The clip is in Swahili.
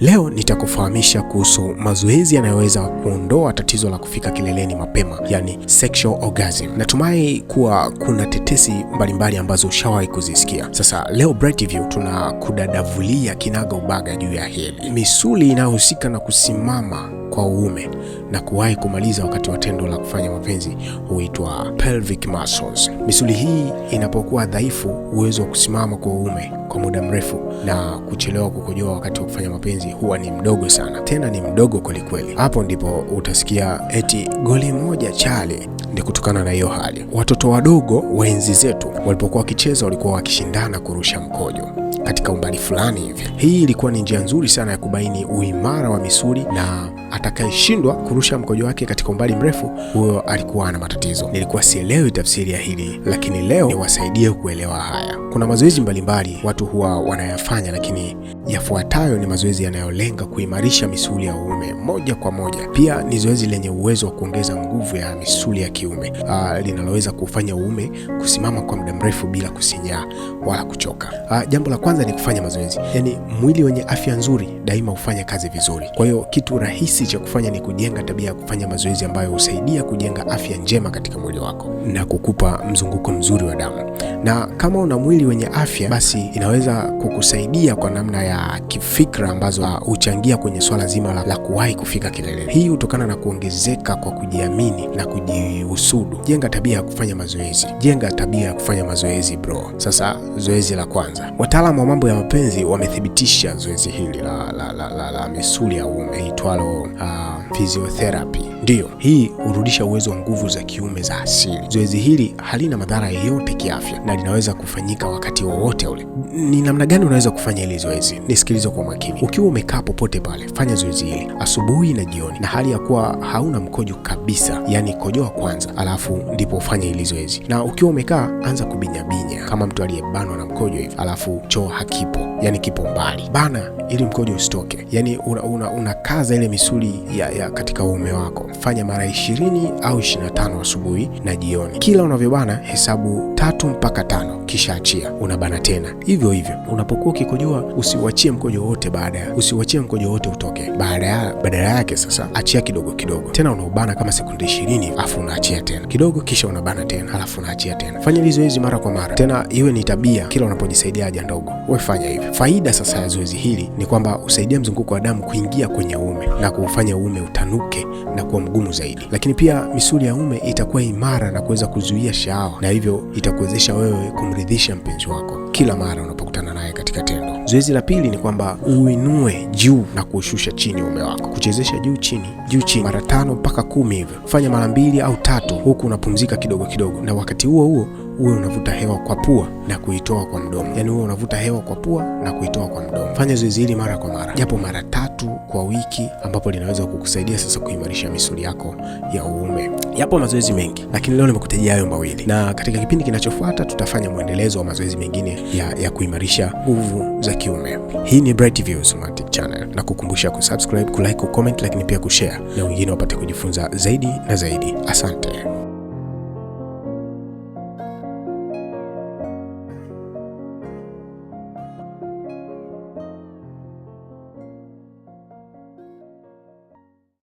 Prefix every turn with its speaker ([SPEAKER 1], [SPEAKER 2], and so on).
[SPEAKER 1] Leo nitakufahamisha kuhusu mazoezi yanayoweza kuondoa tatizo la kufika kileleni mapema, yani sexual orgasm. Natumai kuwa kuna tetesi mbalimbali ambazo ushawahi kuzisikia. Sasa leo Bright tuna kudadavulia kinaga ubaga juu ya hili, misuli inayohusika na kusimama kwa uume na kuwahi kumaliza wakati wa tendo la kufanya mapenzi huitwa pelvic muscles. Misuli hii inapokuwa dhaifu, uwezo wa kusimama kwa uume kwa muda mrefu na kuchelewa kukojoa wakati wa kufanya mapenzi huwa ni mdogo sana, tena ni mdogo kwelikweli. Hapo ndipo utasikia eti goli moja chali. Ni kutokana na hiyo hali, watoto wadogo wa enzi zetu walipokuwa wakicheza walikuwa wakishindana kurusha mkojo katika umbali fulani hivi. Hii ilikuwa ni njia nzuri sana ya kubaini uimara wa misuli, na atakayeshindwa kurusha mkojo wake katika umbali mrefu, huyo alikuwa na matatizo. Nilikuwa sielewi tafsiri ya hili, lakini leo niwasaidie kuelewa haya. Kuna mazoezi mbalimbali watu huwa wanayafanya, lakini Yafuatayo ni mazoezi yanayolenga kuimarisha misuli ya uume moja kwa moja. Pia ni zoezi lenye uwezo wa kuongeza nguvu ya misuli ya kiume ah, linaloweza kufanya uume kusimama kwa muda mrefu bila kusinyaa wala kuchoka. Aa, ah, jambo la kwanza ni kufanya mazoezi. Yaani, mwili wenye afya nzuri daima hufanya kazi vizuri. Kwa hiyo kitu rahisi cha kufanya ni kujenga tabia ya kufanya mazoezi ambayo husaidia kujenga afya njema katika mwili wako na kukupa mzunguko mzuri wa damu, na kama una mwili wenye afya, basi inaweza kukusaidia kwa namna ya ya kifikra ambazo huchangia kwenye swala zima la, la kuwahi kufika kileleni. Hii hutokana na kuongezeka kwa kujiamini na kujihusudu. Jenga tabia ya kufanya mazoezi, jenga tabia ya kufanya mazoezi bro. Sasa zoezi la kwanza, wataalamu wa mambo ya mapenzi wamethibitisha zoezi hili la, la, la, la, la misuli ya uume itwalo uh, physiotherapy Ndiyo, hii hurudisha uwezo wa nguvu za kiume za asili. Zoezi hili halina madhara yoyote kiafya na linaweza kufanyika wakati wowote ule. Ni namna gani unaweza kufanya hili zoezi? Nisikilize kwa makini. Ukiwa umekaa popote pale, fanya zoezi hili asubuhi na jioni, na hali ya kuwa hauna mkojo kabisa, yaani kojoa kwanza, alafu ndipo ufanye hili zoezi. Na ukiwa umekaa, anza kubinyabinya kama mtu aliyebanwa na mkojo hivi, alafu choo hakipo yani kipo mbali bana, ili mkojo usitoke, yani unakaza una, una ile misuli ya, ya katika uume wako. Fanya mara ishirini au ishirini na tano asubuhi na jioni. Kila unavyobana hesabu tatu mpaka tano, kisha achia, unabana tena hivyo hivyo. Unapokuwa ukikojoa usiuachie mkojo wote, baada ya usiuachie mkojo wote utoke, baada ya badala yake sasa achia kidogo kidogo, tena unaubana kama sekunde ishirini afu unaachia tena kidogo, kisha unabana tena alafu unaachia tena. Fanya hizo hizi mara kwa mara, tena iwe ni tabia, kila unapojisaidia haja ndogo wefanya hivyo. Faida sasa ya zoezi hili ni kwamba husaidia mzunguko wa damu kuingia kwenye uume na kuufanya uume utanuke na kuwa mgumu zaidi, lakini pia misuli ya uume itakuwa imara na kuweza kuzuia shahawa, na hivyo itakuwezesha wewe kumridhisha mpenzi wako kila mara unapokutana naye katika tendo. Zoezi la pili ni kwamba uinue juu na kuushusha chini uume wako, kuchezesha juu chini, juu chini mara tano mpaka kumi hivyo. Fanya mara mbili au tatu, huku unapumzika kidogo kidogo, na wakati huo huo uwe unavuta hewa kwa pua na kuitoa kwa mdomo, yaani uwe unavuta hewa kwa pua na kuitoa kwa mdomo. Fanya zoezi hili mara kwa mara, japo mara tatu kwa wiki, ambapo linaweza kukusaidia sasa kuimarisha misuli yako ya uume. Yapo mazoezi mengi, lakini leo nimekutajia hayo mawili, na katika kipindi kinachofuata tutafanya mwendelezo wa mazoezi mengine ya, ya kuimarisha nguvu za kiume. Hii ni Bright Views Channel, na kukumbusha kusubscribe, kulike, kucomment, lakini pia kushare na wengine wapate kujifunza zaidi na zaidi. Asante.